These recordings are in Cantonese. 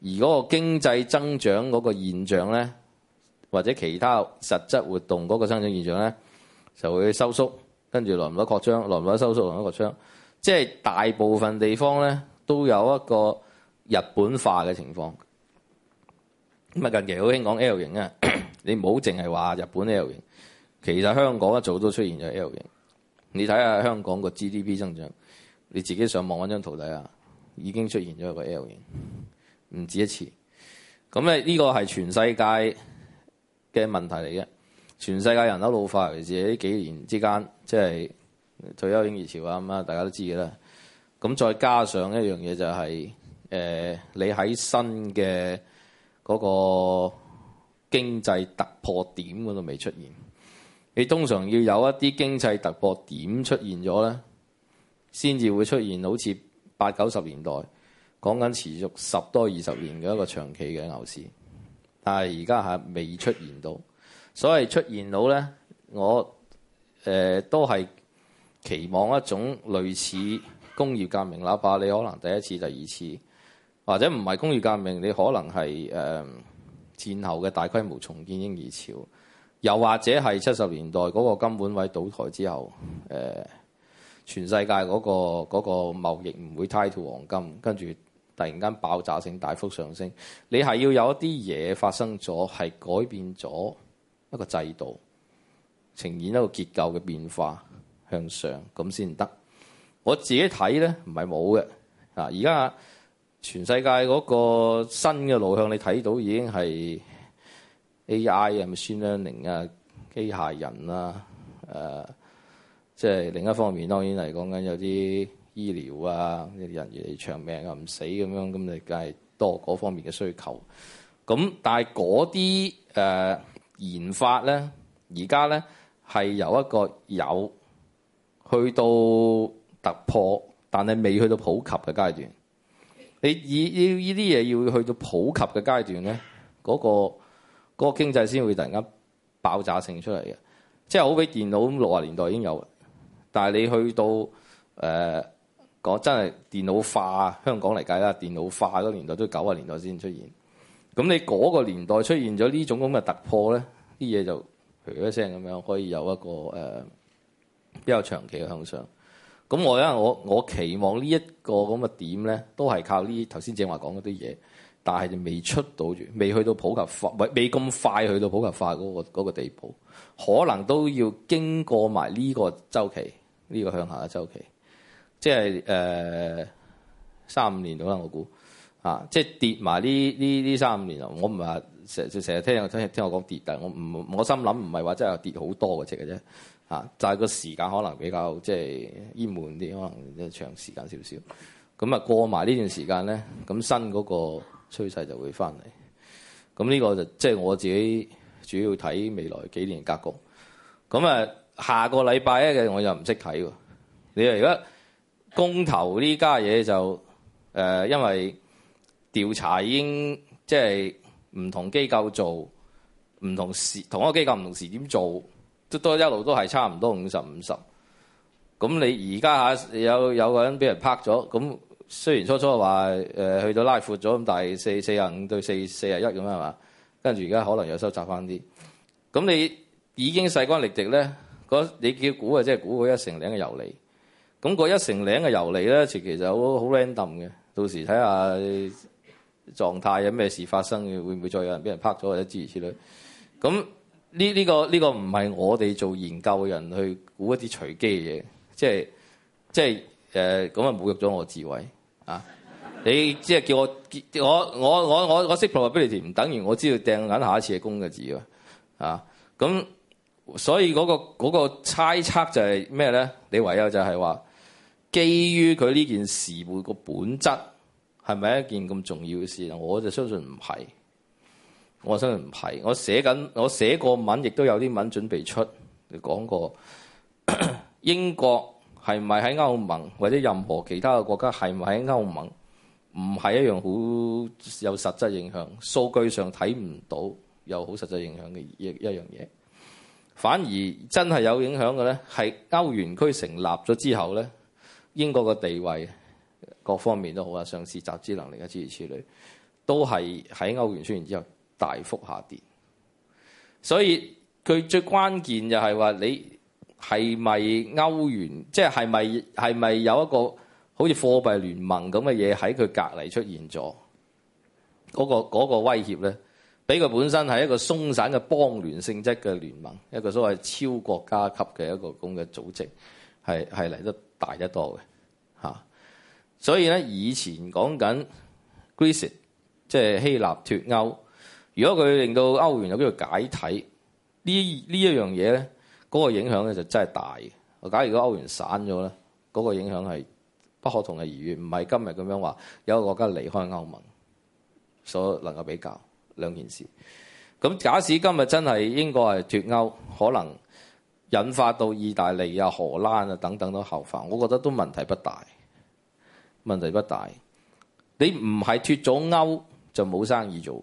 而嗰個經濟增長嗰個現象咧，或者其他實質活動嗰個增長現象咧，就會收縮，跟住來唔到擴張，來唔到收縮，來唔到擴張，即係大部分地方咧都有一個日本化嘅情況。咁啊，近期好興講 L 型啊，你唔好淨係話日本 L 型，其實香港一早都出現咗 L 型。你睇下香港個 GDP 增長，你自己上網揾張圖睇下，已經出現咗一個 L 型。唔止一次，咁咧呢個係全世界嘅問題嚟嘅。全世界人口老化，尤其是喺呢幾年之間，即係退休嬰兒潮啊咁啊，大家都知嘅啦。咁再加上一樣嘢就係、是、誒、呃，你喺新嘅嗰個經濟突破點嗰度未出現，你通常要有一啲經濟突破點出現咗咧，先至會出現好似八九十年代。講緊持續十多二十年嘅一個長期嘅牛市，但係而家係未出現到。所謂出現到咧，我誒、呃、都係期望一種類似工業革命，哪怕你可能第一次、第二次，或者唔係工業革命，你可能係誒、呃、戰後嘅大規模重建嬰兒潮，又或者係七十年代嗰個金本位倒台之後，誒、呃、全世界嗰個嗰個貿易唔會 tie to 黃金，跟住。突然間爆炸性大幅上升，你係要有一啲嘢發生咗，係改變咗一個制度，呈現一個結構嘅變化向上咁先得。我自己睇咧，唔係冇嘅啊！而家全世界嗰個新嘅路向，你睇到已經係 A I 啊、Machine Learning 啊、機械人啦、啊，誒、啊，即係另一方面，當然係講緊有啲。醫療啊，呢啲人越嚟長命啊，唔死咁樣，咁你梗係多嗰方面嘅需求。咁但係嗰啲誒研發咧，而家咧係由一個有去到突破，但係未去到普及嘅階段。你以要呢啲嘢要去到普及嘅階段咧，嗰個嗰個經濟先會突然間爆炸性出嚟嘅。即係好比電腦，六十年代已經有，但係你去到誒。呃講真係電腦化，香港嚟計啦，電腦化嗰年代都九十年代先出現。咁你嗰個年代出現咗呢種咁嘅突破咧，啲嘢就噏一聲咁樣可以有一個誒、呃、比較長期嘅向上。咁我咧，我我期望呢一個咁嘅點咧，都係靠呢頭先正話講嗰啲嘢，但係就未出到住，未去到普及化，未未咁快去到普及化嗰、嗰個嗰個地步，可能都要經過埋呢個周期，呢、呢個向下嘅周期。即係誒三五年到啦，我估啊，即係跌埋呢呢呢三五年啊。我唔係成成日聽我聽聽我講跌，但係我唔我心諗唔係話真係跌好多嘅啫，嚇就係個時間可能比較即係淹悶啲，可能長時間少少。咁啊過埋呢段時間咧，咁新嗰個趨勢就會翻嚟。咁呢個就即係我自己主要睇未來幾年格局。咁啊，下個禮拜一嘅我又唔識睇喎。你話而家？公投呢家嘢就誒、呃，因為調查已經即係唔同機構做，唔同時同一個機構唔同時點做，都都一路都係差唔多五十五十。咁你而家有有個人俾人拍咗，咁雖然初初話、呃、去到拉闊咗，咁但係四四廿五對四四廿一咁啊嘛，跟住而家可能又收集翻啲。咁你已經勢均力敵咧，你叫估，啊，即係估佢一成兩嘅遊離。咁嗰一成零嘅遊離咧，其其實好好 random 嘅。到時睇下狀態有咩事發生嘅，會唔會再有人俾人拍咗或者諸如此類,之類。咁呢呢個呢、個唔係我哋做研究嘅人去估一啲隨機嘅嘢，即係即係誒，咁、就、啊、是呃、侮辱咗我智慧啊！你即係、就是、叫我我我我我我,我識 probability 唔等於我知道掟緊下一次係公嘅字㗎啊！咁所以嗰、個嗰、個、猜測就係咩咧？你唯有就係話。基於佢呢件事會個本質係咪一件咁重要嘅事？我就相信唔係，我相信唔係。我寫緊，我寫過文，亦都有啲文準備出嚟講過。英國係咪喺歐盟或者任何其他嘅國家係咪喺歐盟？唔係一樣好有實質的影響，數據上睇唔到有好實質影響嘅一一樣嘢。反而真係有影響嘅咧，係歐元區成立咗之後咧。英國嘅地位各方面都好啊，上市集資能力啊，諸如此類，都係喺歐元出現之後大幅下跌。所以佢最關鍵就係話你係咪歐元，即係係咪係咪有一個好似貨幣聯盟咁嘅嘢喺佢隔離出現咗？嗰個嗰個威脅咧，俾佢本身係一個鬆散嘅邦聯性質嘅聯盟，一個所謂超國家級嘅一個咁嘅組織，係係嚟得大得多嘅。所以咧，以前講緊 Greece 即係希臘脱歐，如果佢令到歐元有叫做解體，呢呢一樣嘢咧，嗰、那個影響咧就真係大嘅。假如，如果歐元散咗咧，嗰、那個影響係不可同日而語，唔係今日咁樣話有個國家離開歐盟所能夠比較兩件事。咁假使今日真係英國係脱歐，可能引發到意大利啊、荷蘭啊等等都後患，我覺得都問題不大。問題不大，你唔係脱咗歐就冇生意做。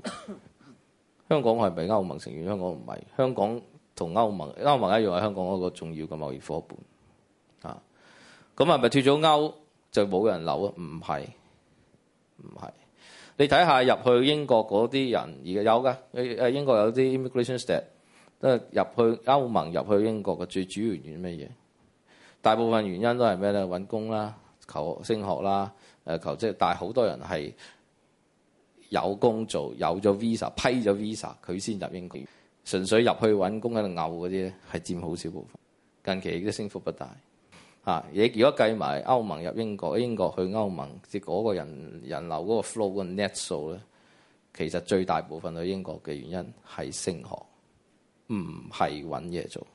香港係咪歐盟成員？香港唔係。香港同歐盟歐盟一樣係香港一個重要嘅貿易伙伴。啊，咁係咪脱咗歐就冇人留啊？唔係，唔係。你睇下入去英國嗰啲人而家有㗎，誒英國有啲 immigration stat，都係入去歐盟入去英國嘅最主要原因咩嘢？大部分原因都係咩咧？揾工啦。求升學啦，誒求職，但係好多人係有工做，有咗 Visa 批咗 Visa，佢先入英國。純粹入去揾工喺度拗嗰啲咧，係佔好少部分。近期亦都升幅不大嚇。你、啊、如果計埋歐盟入英國、英國去歐盟，即係嗰個人人流嗰個 flow 個 net 數咧，其實最大部分去英國嘅原因係升學，唔係揾嘢做。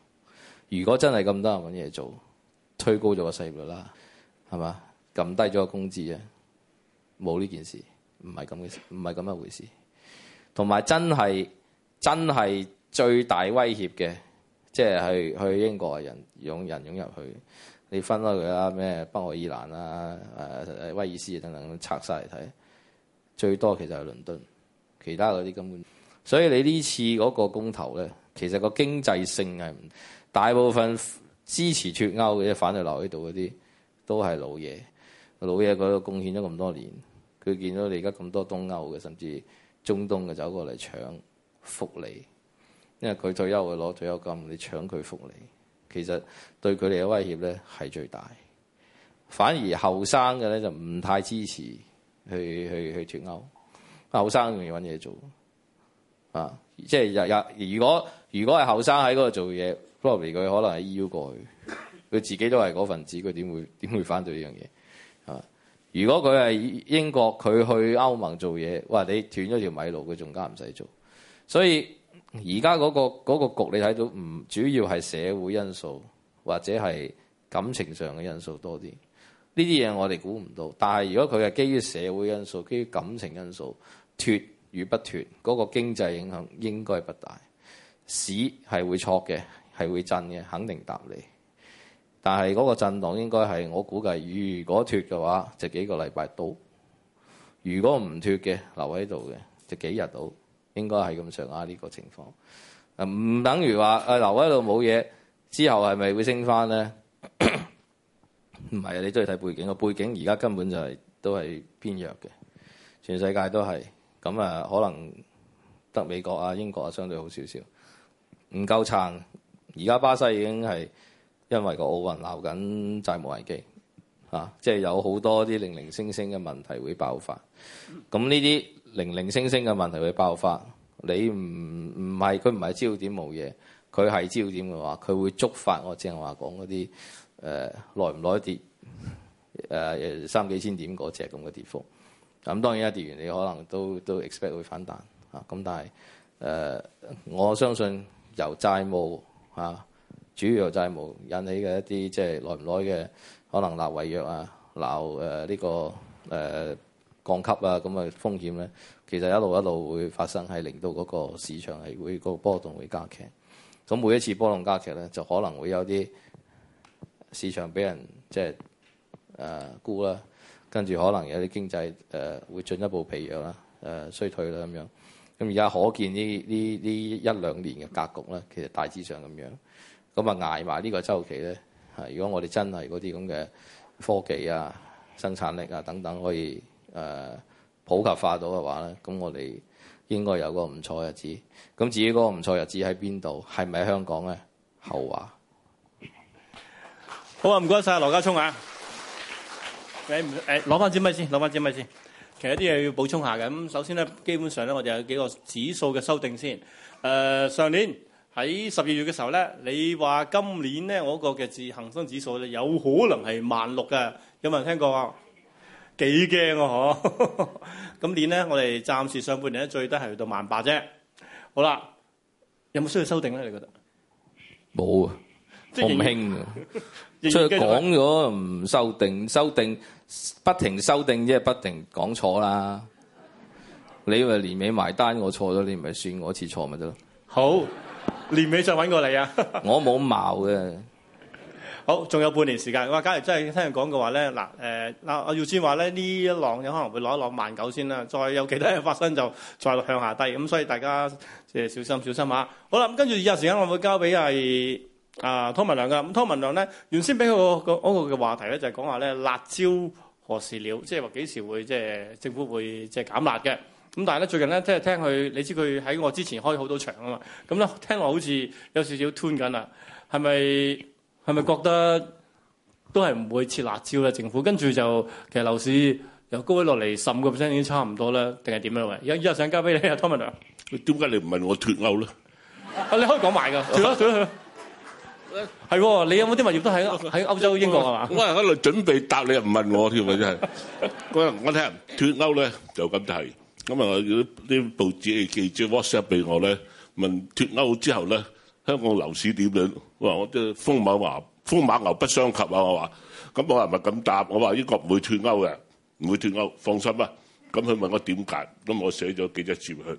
如果真係咁多人揾嘢做，推高咗個失業率啦。係嘛？撳低咗個工資啊！冇呢件事，唔係咁嘅事，唔係咁一回事。同埋真係真係最大威脅嘅，即係去去英國人湧人湧入去。你分開佢啦，咩北愛爾蘭啦、啊，威爾斯等等拆晒嚟睇，最多其實係倫敦，其他嗰啲根本。所以你呢次嗰個公投咧，其實個經濟性係唔大部分支持脱歐嘅，反而留喺度嗰啲。都係老嘢，老嘢佢度貢獻咗咁多年，佢見到你而家咁多東歐嘅，甚至中東嘅走過嚟搶福利，因為佢退休嘅攞退休金，你搶佢福利，其實對佢哋嘅威脅咧係最大。反而後生嘅咧就唔太支持去去去脱歐，後生容易揾嘢做啊！即係日日如果如果係後生喺嗰度做嘢，可能佢可能喺 EU 過去。佢自己都係嗰份子，佢點會點會反對呢樣嘢啊？如果佢係英國，佢去歐盟做嘢，哇！你斷咗條米路，佢仲加唔使做。所以而家嗰個嗰個局，你睇到唔主要係社會因素或者係感情上嘅因素多啲呢啲嘢，這些東西我哋估唔到。但係如果佢係基於社會因素、基於感情因素脱與不脱，嗰個經濟影響應該不大。市係會錯嘅，係會震嘅，肯定答你。但係嗰個震盪應該係我估計，如果脫嘅話，就幾個禮拜到；如果唔脫嘅，留喺度嘅，就幾日到。應該係咁上下呢個情況。唔等於話、呃、留喺度冇嘢，之後係咪會升翻咧？唔係啊！你都要睇背景。個背景而家根本就係、係、都係偏弱嘅，全世界都係。咁啊，可能得美國啊、英國啊相對好少少，唔夠撐。而家巴西已經係。因為個奧運鬧緊債務危機，嚇，即係有好多啲零零星星嘅問題會爆發。咁呢啲零零星星嘅問題會爆發，你唔唔係佢唔係焦點冇嘢，佢係焦點嘅話，佢會觸發我正話講嗰啲誒耐唔耐跌誒、呃、三幾千點嗰隻咁嘅跌幅。咁當然一跌完你可能都都 expect 會反彈嚇。咁、啊、但係誒、呃，我相信由債務、啊主要就係債務引起嘅一啲，即係耐唔耐嘅可能鬧違約啊、鬧誒呢個誒、呃、降級啊，咁嘅風險咧，其實一路一路會發生，係令到嗰個市場係會、個波動會加劇。咁每一次波動加劇咧，就可能會有啲市場俾人即係誒沽啦，跟住可能有啲經濟誒、呃、會進一步疲弱啦、誒、呃、衰退啦咁樣。咁而家可見呢呢呢一,一兩年嘅格局咧，其實大致上咁樣。咁啊，挨埋呢個周期咧，係如果我哋真係嗰啲咁嘅科技啊、生產力啊等等可以誒、呃、普及化到嘅話咧，咁我哋應該有一個唔錯日子。咁至於嗰個唔錯日子喺邊度，係咪喺香港咧？後話好謝謝啊！唔該晒，羅家聰啊，你誒攞翻支咪先？攞翻支咪先？其實啲嘢要補充一下嘅。咁首先咧，基本上咧，我哋有幾個指數嘅修訂先。誒、呃、上年。喺十二月嘅時候咧，你話今年咧我個嘅恆生指數咧有可能係萬六嘅，有冇人聽過啊？幾驚啊！嗬，今年咧我哋暫時上半年咧最低係去到萬八啫。好啦，有冇需要修訂咧？你覺得冇啊？即係唔興啊！即係講咗唔修訂，修訂不停修訂，即係不停講錯啦。你話年尾埋單，我錯咗，你唔係算我一次錯咪得咯？好。年尾再揾過你啊！ 我冇矛嘅。好，仲有半年時間。哇！假如真係聽人講嘅話咧，嗱誒嗱，阿、呃、耀先話咧呢一浪咧可能會攞一浪萬九先啦。再有其他嘢發生就再向下低。咁所以大家即係、呃、小心小心下。好啦，咁跟住以下時間我會交俾係啊湯文亮噶。咁湯文亮咧原先俾佢、那個嗰個嘅話題咧就係講話咧辣椒何時了，即係話幾時會即係政府會即係減辣嘅。咁但係咧，最近咧，即係聽佢，你知佢喺我之前開好多場啊嘛。咁咧，聽落好似有少少斷緊啦。係咪係咪覺得都係唔會切辣椒咧？政府跟住就其實樓市由高位落嚟，十五個 percent 已經差唔多啦，定係點樣啊？位依家依家想交俾你啊，Tommy？點解你唔問我脱歐咧？你可以講埋㗎，退啦，退啦，退啦。係你有冇啲物業都喺喺歐洲英國啊？我喺度準備答你，又唔問我添。真係日我聽人脱歐咧，就咁就係。咁啊！叫啲報紙嘅記者 WhatsApp 俾我咧，問脱歐之後咧，香港樓市點樣？我話我即係風馬華，風馬牛不相及啊！我話，咁我話唔係咁答，我話英國唔會脱歐嘅，唔會脱歐，放心啦。咁佢問我點解，咁我寫咗幾隻字佢，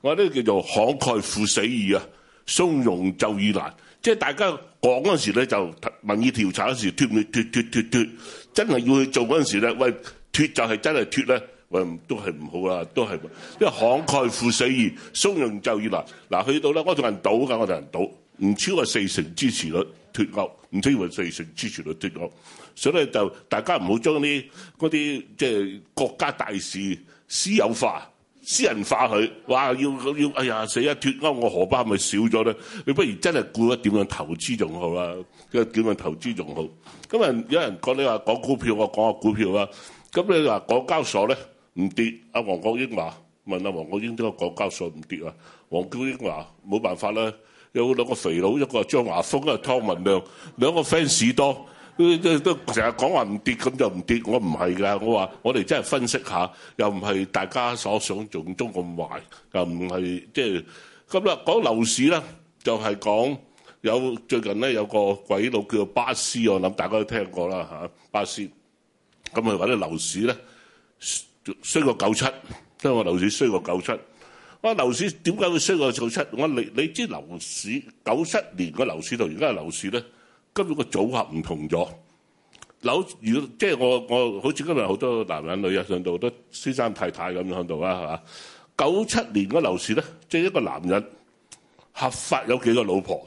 我話呢叫做慷慨赴死易啊，從容就義難。即係大家講嗰陣時咧，就民意調查嗰時脱唔脱脱脱脱脱，真係要去做嗰陣時咧，喂脱就係真係脱咧。喂、哎，都係唔好啦、啊，都係、啊，因為慷慨赴死而松容就義啦。嗱、啊，去到咧，我同人賭噶，我同人賭，唔超過四成支持率脱歐，唔超過四成支持率脱歐。所以咧，就大家唔好將啲嗰啲即係國家大事私有化、私人化佢。哇，要要，哎呀死啊！脱歐我荷包咪少咗咧？你不如真係顧一點樣投資仲好啦、啊，嘅點樣投資仲好。咁有人講你話講股票，我講下股票啦。咁你話港交所咧？唔跌，阿黃國英話：問阿黃國英點解港交所唔跌啊？黃國英話：冇辦法啦，有兩個肥佬，一個張華峰，一個湯文亮，兩個 fans 多，都都成日講話唔跌，咁就唔跌。我唔係㗎，我話我哋真係分析下，又唔係大家所想像中咁壞，又唔係即係咁啦。講樓市咧，就係講有最近咧有個鬼佬叫做巴斯，我諗大家都聽過啦嚇，巴斯。咁啊，或者樓市咧。衰過九七，所以我樓市衰過九七。我樓市點解會衰過九七？我你你知樓市九七年個樓市同而家個樓市咧，根本個組合唔同咗。樓，如果即係我我好似今日好多男人女人上到好多先生太太咁樣上到啦，吓，九七年個樓市咧，即係一個男人合法有幾個老婆，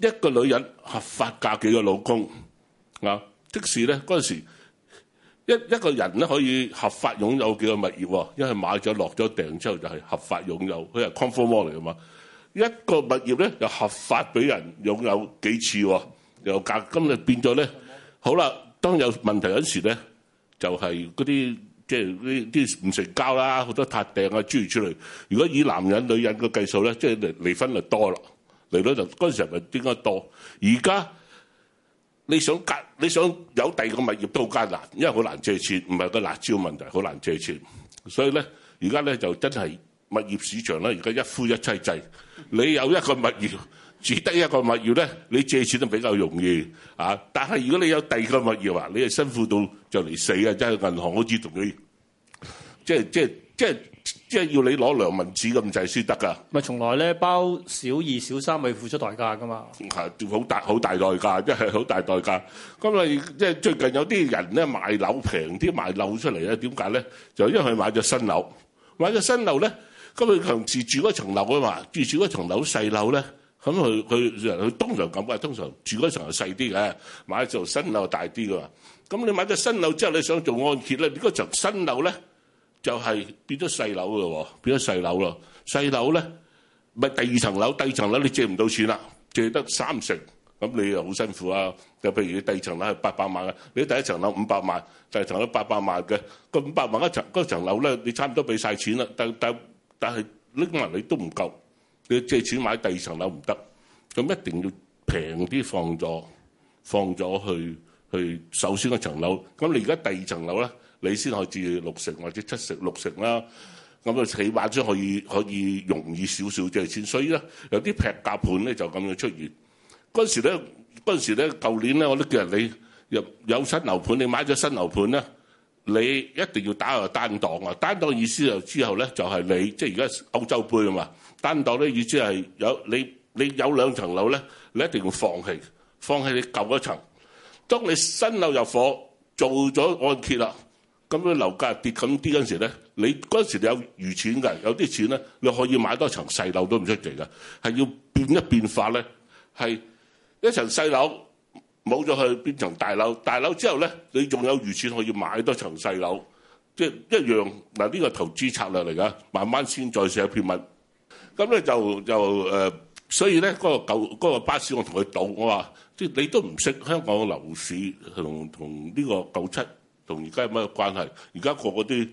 一個女人合法嫁幾個老公啊？即使咧嗰陣時。一一個人咧可以合法擁有幾個物業喎，因為買咗落咗訂之後就係合法擁有，佢係 conform 嚟㗎嘛。一個物業咧又合法俾人擁有幾次喎，又押金啊變咗咧，好啦，當有問題嗰時咧就係嗰啲即係啲啲唔成交啦，好多撻訂啊諸如此類。如果以男人女人嘅計數咧，即係離離婚率多啦，嚟到就嗰陣時咪點解多？而家。你想你想有第二個物業都好艱難，因為好難借錢，唔係個辣椒問題，好難借錢。所以咧，而家咧就真係物業市場咧，而家一夫一妻制。你有一個物業，只得一個物業咧，你借錢就比較容易啊。但係如果你有第二個物業話，你係辛苦到就嚟死啊！真係銀行好似同你，即係即係即係。即係要你攞兩文紙咁滯先得噶，咪從來咧包小二小三咪付出代價噶嘛，好大好大代價，即係好大代價。咁啊，即係最近有啲人咧買樓平啲買樓出嚟咧，點解咧？就因為佢買咗新樓，買咗新樓咧，咁佢強自住嗰層樓啊嘛，住住嗰層樓細樓咧，咁佢佢佢通常咁啊，通常住嗰層樓細啲嘅，買咗新樓大啲噶。咁你買咗新樓之後，你想做按揭咧？你嗰層新樓咧？就係變咗細樓咯，變咗細樓咯。細樓咧，唔係第二層樓，第二層樓你借唔到錢啦，借得三成，咁你又好辛苦啊。就譬如你第二層樓係八百萬呀，你第一層樓五百萬，第二層樓八百萬嘅，個五百萬一層嗰層樓咧，你差唔多俾晒錢啦。但但但係拎埋你都唔夠，你借錢買第二層樓唔得，咁一定要平啲放咗，放咗去去首先嗰層樓。咁你而家第二層樓咧？你先可以至六成或者七成六成啦，咁啊，起碼即可以可以容易少少借錢。所以咧，有啲劈價盤咧就咁樣出現。嗰時咧，嗰時咧，舊年咧我都叫人你入有新樓盤，你買咗新樓盤咧，你一定要打入單檔啊！單檔意思就之後咧就係、是、你即係而家歐洲杯啊嘛。單檔咧意思係有你你有兩層樓咧，你一定要放棄放棄你舊嗰層。當你新樓入伙，做咗按揭啦。咁樣樓價跌緊啲嗰陣時咧，你嗰陣時有餘錢嘅，有啲錢咧，你可以買多層細樓都唔出奇㗎。係要變一變法咧，係一層細樓冇咗去變成大樓，大樓之後咧，你仲有餘錢可以買多層細樓，即係一樣嗱。呢個投資策略嚟噶，慢慢先再寫一篇文。咁咧就就誒，所以咧嗰個舊嗰個巴士我同佢賭，我話即係你都唔識香港樓市同同呢個九七。同而家有咩關係？而家個嗰啲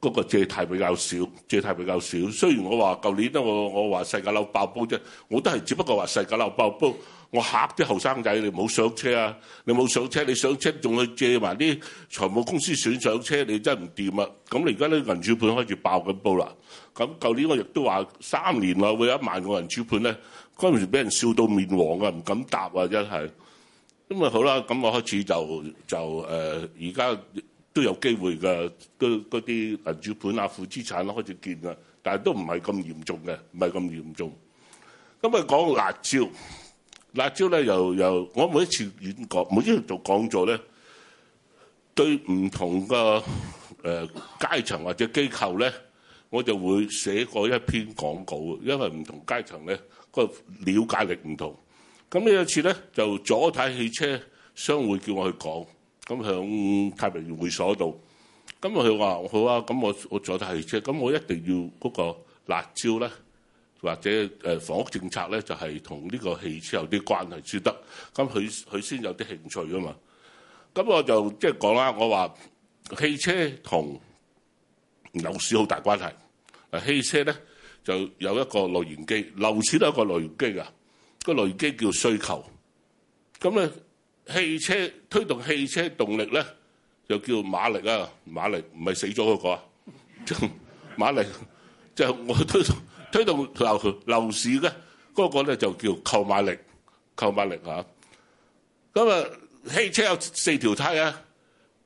嗰個借貸比較少，借貸比較少。雖然我話舊年咧，我我話世界樓爆煲啫，我都係只不過話世界樓爆煲。我嚇啲後生仔，你唔好上車啊！你唔好上車，你上車仲去借埋啲財務公司選上車，你真係唔掂啊！咁你而家啲銀主盤開始爆緊煲啦。咁舊年我亦都話三年內會有一萬個銀主盤咧，嗰陣時俾人笑到面黃啊，唔敢答啊，真係。咁啊好啦，咁我開始就就誒，而、呃、家都有機會嘅，嗰嗰啲銀主盤啊、負資產都開始見啦，但係都唔係咁嚴重嘅，唔係咁嚴重。咁啊講辣椒，辣椒咧又又，我每一次演講，每一次做講座咧，對唔同個誒、呃、階層或者機構咧，我就會寫過一篇廣告，因為唔同階層咧個了解力唔同。咁有一次咧，就咗泰汽車商會叫我去講，咁響太平會所度。咁佢話：好啊，咁我我佐泰汽車，咁我一定要嗰個辣招咧，或者誒、呃、房屋政策咧，就係同呢個汽車有啲關係先得。咁佢佢先有啲興趣啊嘛。咁我就即係講啦，我話汽車同樓市好大關係。汽車咧就有一個內燃機，樓市都有一個內燃機㗎。個內機叫需求，咁咧汽車，推動汽車動力咧就叫馬力啊。馬力唔係死咗嗰個啊，馬力就係我推動推動樓樓市嘅嗰個咧就叫購買力，購買力嚇。咁啊，汽車有四條胎啊，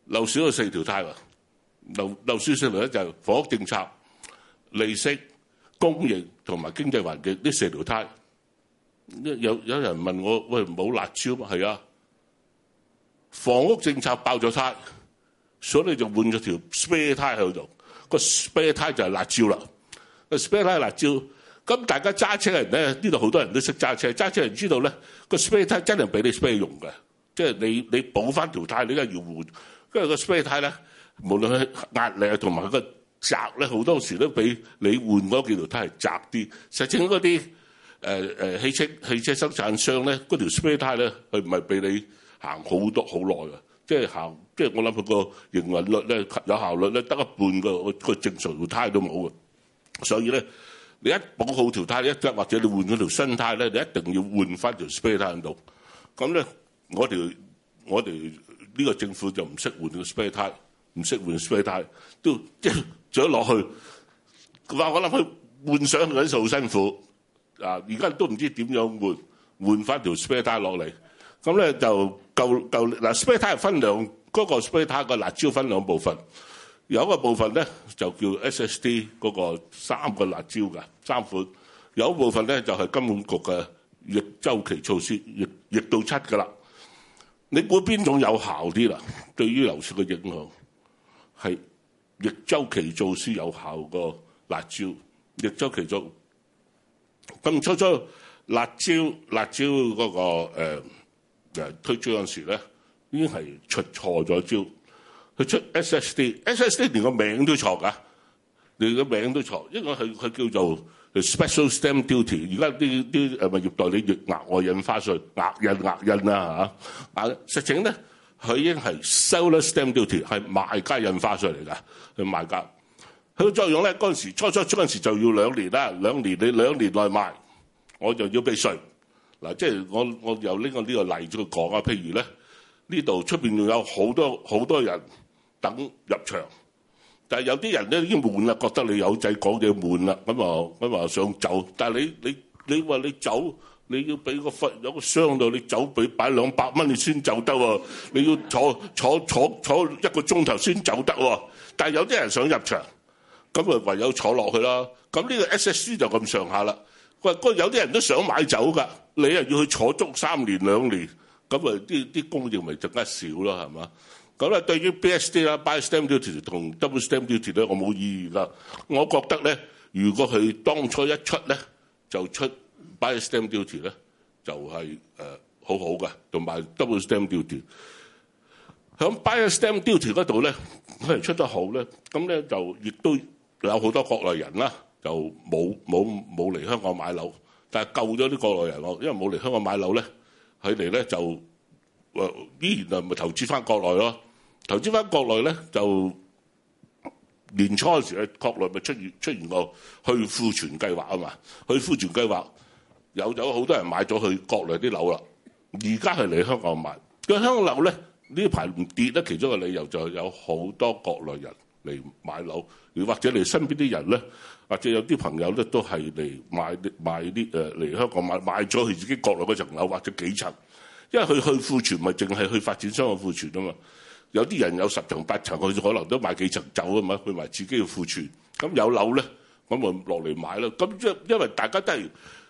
樓市有四條胎啊。樓樓市上嚟咧就係房屋政策、利息、供應同埋經濟環境呢四條胎。有有人問我：喂，冇辣椒嘛？係啊，房屋政策爆咗呔，所以就換咗條 spare 胎喺度。個 spare 胎就係辣椒啦。個 spare 胎辣椒，咁大家揸車人咧，呢度好多人都識揸車。揸車人知道咧，個 spare 真係俾你 spare 用嘅，即係你你補翻條胎，你梗係要換，跟住個 spare 胎咧，無論佢壓力啊同埋佢個窄咧，好多時都比你換嗰幾條胎窄啲。實證嗰啲。誒誒，汽車汽車生產商咧，嗰條 spare tyre 咧，佢唔係俾你行好多好耐㗎，即係行，即係我諗佢個營運率咧，有效率咧，得一半個個正常條胎都冇㗎，所以咧，你一補好條胎，一或者你換咗條新胎咧，你一定要換翻條 spare tyre 喺度。咁咧，我哋我哋呢個政府就唔識換個 spare tyre，唔識換 spare tyre，都即係着咗落去。佢話我諗佢換上嗰啲好辛苦。嗱，而家都唔知點樣換換翻條 spare tyre 落嚟，咁咧就舊舊嗱 spare tyre 分兩嗰個 spare tyre 個辣椒分兩部分，有一部分咧就叫 S S D 嗰個三個辣椒噶三款，有一部分咧就係金管局嘅逆週期措施逆逆到七噶啦，你估邊種有效啲啦？對於樓市嘅影響係逆週期措施有效個辣椒，逆週期做。咁初初辣椒辣椒嗰、嗰個誒、呃、推出嗰陣時咧，已經係出錯咗招，佢出 S S D，S S D 連個名都錯噶，連個名都錯，因為佢佢叫做 Special Stamp Duty，而家啲啲誒物業代理越額外印花稅，額印額印啦、啊、嚇、啊，實情咧佢已經係 Seller Stamp Duty 係賣家印花稅嚟噶，賣家。佢個作用咧，嗰陣時初初嗰陣時就要兩年啦，兩年你兩年內賣我就要俾稅。嗱、啊，即係我我由呢個呢個例子去講啊，譬如咧，呢度出邊仲有好多好多人等入場，但係有啲人咧已經悶啦，覺得你有仔講嘢悶啦，咁啊咁啊想走。但係你你你話你走，你要俾個佛有個箱度，你走俾擺兩百蚊你先走得、啊、喎，你要坐坐坐坐一個鐘頭先走得、啊、喎。但係有啲人想入場。咁啊，唯有坐落去啦。咁呢個 S S C 就咁上下啦。喂，嗰有啲人都想買走㗎，你又要去坐足三年兩年，咁啊，啲啲供應咪更加少咯，係嘛？咁咧，對於 B S D 啦、Buy Stamp Duty 同 Double Stamp Duty 咧，我冇意見啦。我覺得咧，如果佢當初一出咧，就出 Buy Stamp Duty 咧，就係誒好好嘅，同埋 Double Stamp Duty。響 Buy Stamp Duty 嗰度咧，可能出得好咧，咁咧就亦都。有好多國內人啦，就冇冇冇嚟香港買樓，但係救咗啲國內人咯，因為冇嚟香港買樓咧，佢哋咧就依然就咪投資翻國內咯，投資翻國內咧就年初嘅時候，國內咪出現出現個去庫存計劃啊嘛，去庫存計劃有咗好多人買咗去國內啲樓啦，而家係嚟香港買，因為香港樓咧呢排唔跌咧，其中一個理由就有好多國內人。嚟買樓，或者你身邊啲人咧，或者有啲朋友咧，都係嚟買啲買啲誒嚟香港買買咗佢自己國內嗰層樓或者幾層，因為佢去庫存咪淨係去發展商嘅庫存啊嘛。有啲人有十層八層，佢可能都買幾層走啊嘛，去埋自己嘅庫存。咁有樓咧，咁咪落嚟買啦。咁因因為大家都係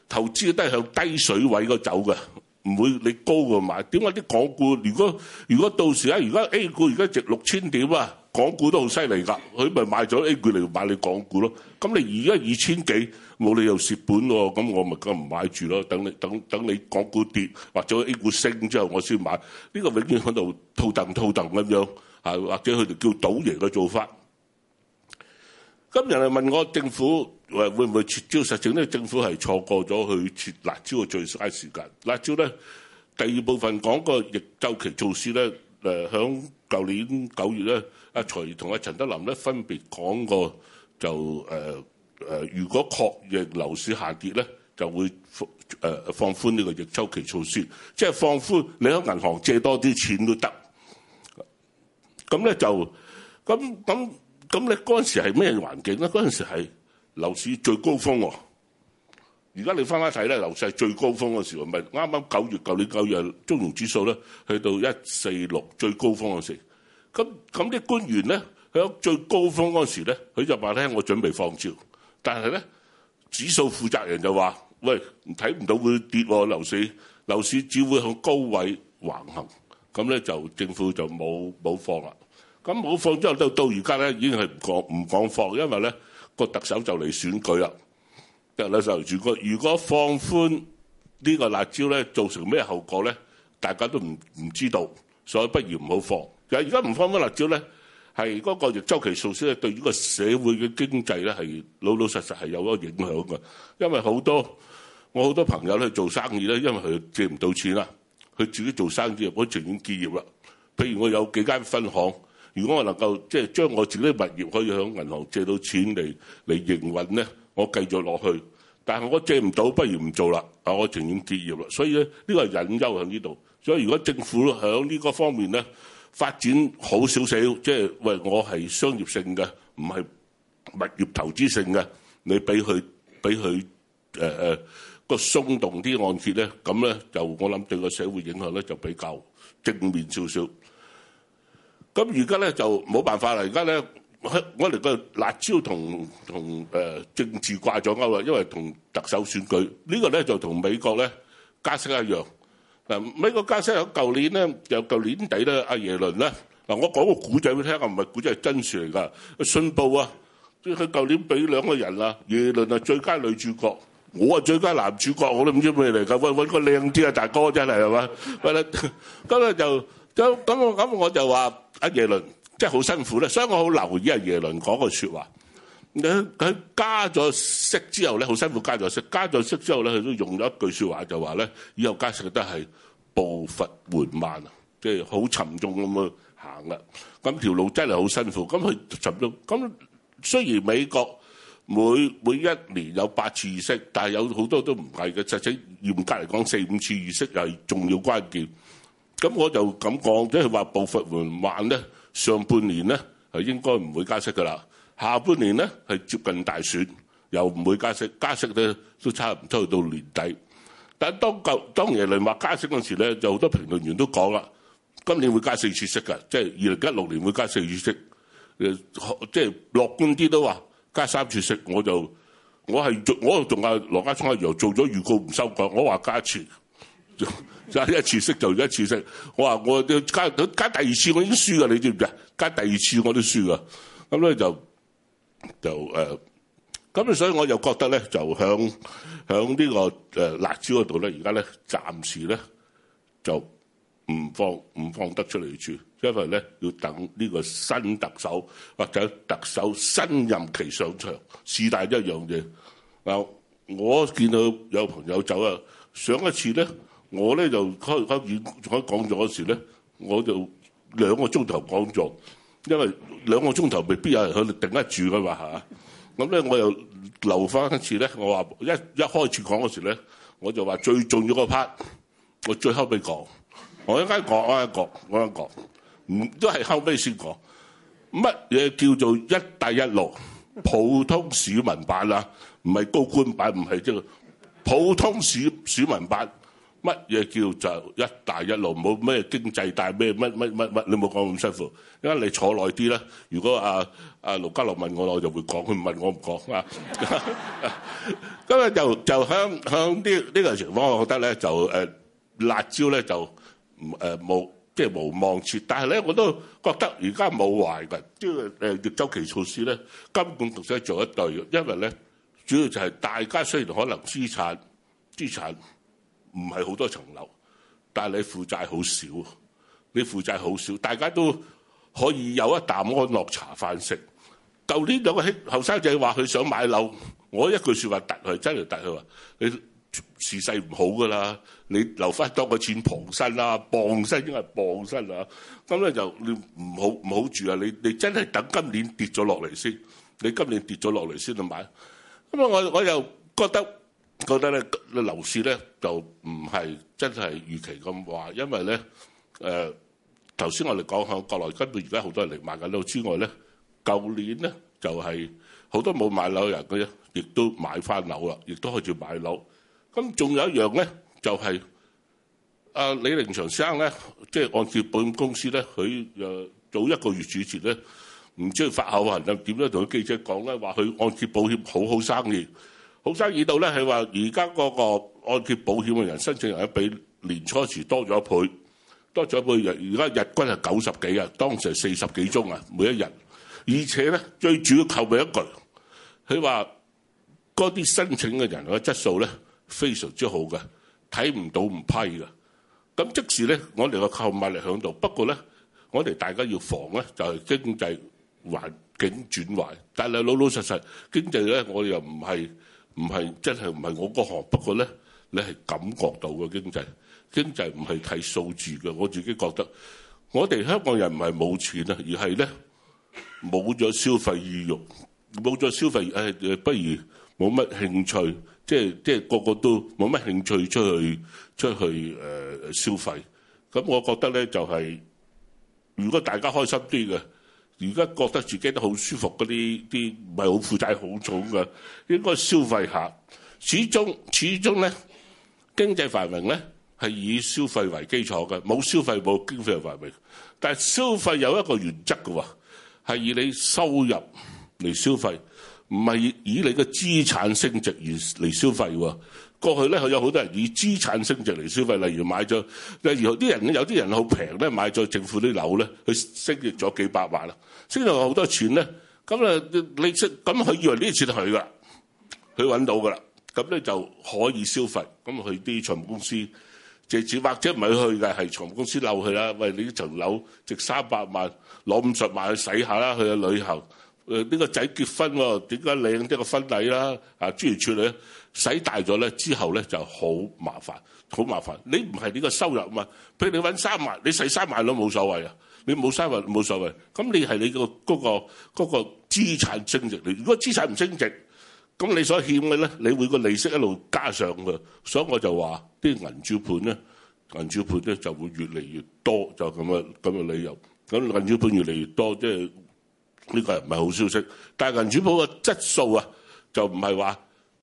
投資都係向低水位嗰走嘅，唔會你高過買。點解啲港股如果如果到時啊，而家 A 股而家值六千點啊？港股都好犀利㗎，佢咪買咗 A 股嚟買你港股咯。咁你而家二千幾，冇理由蝕本喎。咁我咪梗唔買住咯。等你等等你港股跌或者 A 股升之後，我先買。呢個永遠喺度套騰套騰咁樣啊，或者佢哋叫賭贏嘅做法。咁人哋問我政府誒會唔會撤招實證咧？政府係錯過咗去撤辣椒嘅最嘥時間。辣椒咧，第二部分講個逆週期措施咧誒，響舊年九月咧。阿、啊、徐同阿、啊、陳德霖咧分別講過就誒誒、呃呃，如果確認樓市下跌咧，就會誒放寬呢個逆周期措施，即係放寬你喺銀行借多啲錢都得。咁咧就咁咁咁你嗰陣時係咩環境咧？嗰陣時係樓市最高峰喎、哦。而家你翻翻睇咧，樓市最高峰嘅時候咪啱啱九月舊年九月中原指數咧去到一四六最高峰嘅時候。咁咁啲官員咧，喺最高峯嗰時咧，佢就話咧：我準備放招，但係咧指數負責人就話：喂，睇唔到會跌，樓市樓市只會向高位橫行。咁咧就政府就冇冇放啦。咁冇放之後到到而家咧，已經係唔講唔講放，因為咧個特首就嚟選舉啦。咁咧就如果如果放寬呢個辣招咧，造成咩後果咧？大家都唔唔知道，所以不如唔好放。而家唔放翻辣椒咧，係嗰個周期數小咧，對於個社會嘅經濟咧係老老實實係有一個影響嘅。因為好多我好多朋友咧做生意咧，因為佢借唔到錢啦，佢自己做生意，我情願結業啦。譬如我有幾間分行，如果我能夠即係將我自己嘅物業可以向銀行借到錢嚟嚟營運咧，我繼續落去。但係我借唔到，不如唔做啦，啊我情願結業啦。所以咧呢個係隱憂喺呢度。所以如果政府響呢個方面咧，發展好少少，即係喂，我係商業性嘅，唔係物業投資性嘅。你俾佢俾佢誒誒個鬆動啲按揭咧，咁咧就我諗對個社會影響咧就比較正面少少。咁而家咧就冇辦法啦，而家咧我我哋個辣招同同誒政治掛咗鈎啦，因為同特首選舉呢個咧就同美國咧加息一樣。嗱，美國加息喺舊年咧，又舊年底咧，阿耶倫咧，嗱，我講個古仔俾你聽，唔係古仔，係真事嚟㗎。信報啊，即佢舊年俾兩個人啊，耶倫啊最佳女主角，我係最佳男主角，我都唔知咩嚟㗎，喂，揾揾個靚啲啊大哥真係係嘛？咁日 就咁咁，我咁我就話阿耶倫即係好辛苦啦，所以我好留意阿耶倫講個説話。佢佢加咗息之後咧，好辛苦加咗息。加咗息之後咧，佢都用咗一句説話，就話咧，以後加息都係步伐緩慢啊，即係好沉重咁去行啦。咁條路真係好辛苦。咁佢沉重。咁雖然美國每每一年有八次議息，但係有好多都唔係嘅。實際嚴格嚟講，四五次議息係重要關鍵。咁我就咁講，即係話步伐緩慢咧，上半年咧係應該唔會加息噶啦。下半年咧係接近大選，又唔會加息，加息咧都差唔多到年底。但係當，當年嚟話加息嗰陣時咧，就好多評論員都講啦，今年會加四次息噶，即係二零一六年會加四次息。誒，即係樂觀啲都話加三次息，我就我係做我仲阿羅家聰阿楊做咗預告唔修改，我話加一次就一次息就一次息。我話我加加第二次我已經輸噶，你知唔知啊？加第二次我都輸噶，咁咧就。就誒，咁、呃、所以我就覺得咧，就響響呢個誒、呃、辣椒嗰度咧，而家咧暫時咧就唔放唔放得出嚟住，因為咧要等呢個新特首或者特首新任期上場，事大一樣嘢。嗱、呃，我見到有朋友走啊，上一次咧，我咧就開開完開講座嗰時咧，我就兩個鐘頭講座，因為。兩個鐘頭未必有人去頂得住噶嘛嚇，咁咧我又留翻一次咧，我話一一開始講嗰時咧，我就話最重要嗰 part，我最後俾講，我一間講一間講，我一講，唔都係後尾先講，乜嘢叫做一帶一路，普通市民版啦，唔係高官版，唔係即係普通市市民版。乜嘢叫做一帶一路，冇咩經濟帶咩乜乜乜乜，你冇講咁辛苦，因為你坐耐啲啦。如果阿阿羅家聰問我，我就會講；佢唔問我唔講啊。咁啊就就向向啲呢個情況，我覺得咧就誒辣招咧就誒無即係無望處，但係咧我都覺得而家冇壞嘅，即係誒叫週期措施咧根本唔使做一對，因為咧主要就係大家雖然可能資產資產。唔係好多層樓，但係你負債好少，你負債好少，大家都可以有一啖安樂茶飯食。舊年兩個後生仔話佢想買樓，我一句說話突佢，真係突佢話：你時勢唔好㗎啦，你留翻多個錢傍身啦，傍身應該係傍身啦。咁咧就你唔好唔好住啊！你你真係等今年跌咗落嚟先，你今年跌咗落嚟先去買。咁啊，我我又覺得。覺得咧，樓市咧就唔係真係預期咁話，因為咧，誒頭先我哋講響國內根本而家好多人嚟買緊樓之外咧，舊年咧就係好多冇買樓人嘅，亦都買翻樓啦，亦都開始買樓。咁仲有一樣咧，就係阿李寧祥生咧，即係按揭保險公司咧，佢誒早一個月之前咧，唔知發口音點樣咧，同啲記者講咧，話佢按揭保險好好生意。好生意到咧，佢話而家嗰個按揭保險嘅人申請人咧，比年初時多咗一倍，多咗一倍人。而家日均係九十幾啊，當時係四十幾宗啊，每一日。而且咧，最主要扣尾一句，佢話嗰啲申請嘅人嗰質素咧，非常之好嘅，睇唔到唔批嘅。咁即是咧，我哋嘅購買力響度。不過咧，我哋大家要防咧，就係經濟環境轉壞。但係老老實實經濟咧，我又唔係。唔係即係唔係我個行，不過咧，你係感覺到個經濟，經濟唔係睇數字嘅。我自己覺得，我哋香港人唔係冇錢啊，而係咧冇咗消費意欲，冇咗消費意欲，誒誒，不如冇乜興趣，即係即係個個都冇乜興趣出去出去誒、呃、消費。咁我覺得咧就係、是，如果大家開心啲嘅。而家覺得自己都好舒服，嗰啲啲唔係好負債好重嘅。應該消費下。始終始終咧，經濟繁榮咧係以消費為基礎嘅，冇消費冇經濟嘅繁榮。但係消費有一個原則嘅喎，係以你收入嚟消費，唔係以你嘅資產升值而嚟消費喎。過去咧，佢有好多人以資產升值嚟消費，例如買咗，例如啲人有啲人好平咧買咗政府啲樓咧，佢升值咗幾百萬啦，升咗好多錢咧，咁你咁佢以為呢啲錢係佢㗎，佢揾到㗎啦，咁咧就可以消費，咁去啲財務公司借錢或者唔係去，㗎，係財務公司漏佢啦，喂，你呢層樓值三百萬，攞五十萬去使下啦，去旅行。誒、這、呢個仔結婚喎，點解領呢、這個婚禮啦？啊，專業處理，使大咗咧之後咧就好麻煩，好麻煩。你唔係呢個收入嘛？譬如你搵三萬，你使三萬都冇所謂啊，你冇三萬冇所謂。咁你係你、那個嗰、那個嗰、那個資產升值。如果資產唔升值，咁你所欠嘅咧，你會個利息一路加上嘅。所以我就話啲銀主盤咧，銀主盤咧就會越嚟越多，就咁嘅咁嘅理由。咁銀主盤越嚟越多，即係。呢個又唔係好消息，但係銀主舖嘅質素啊，就唔係話。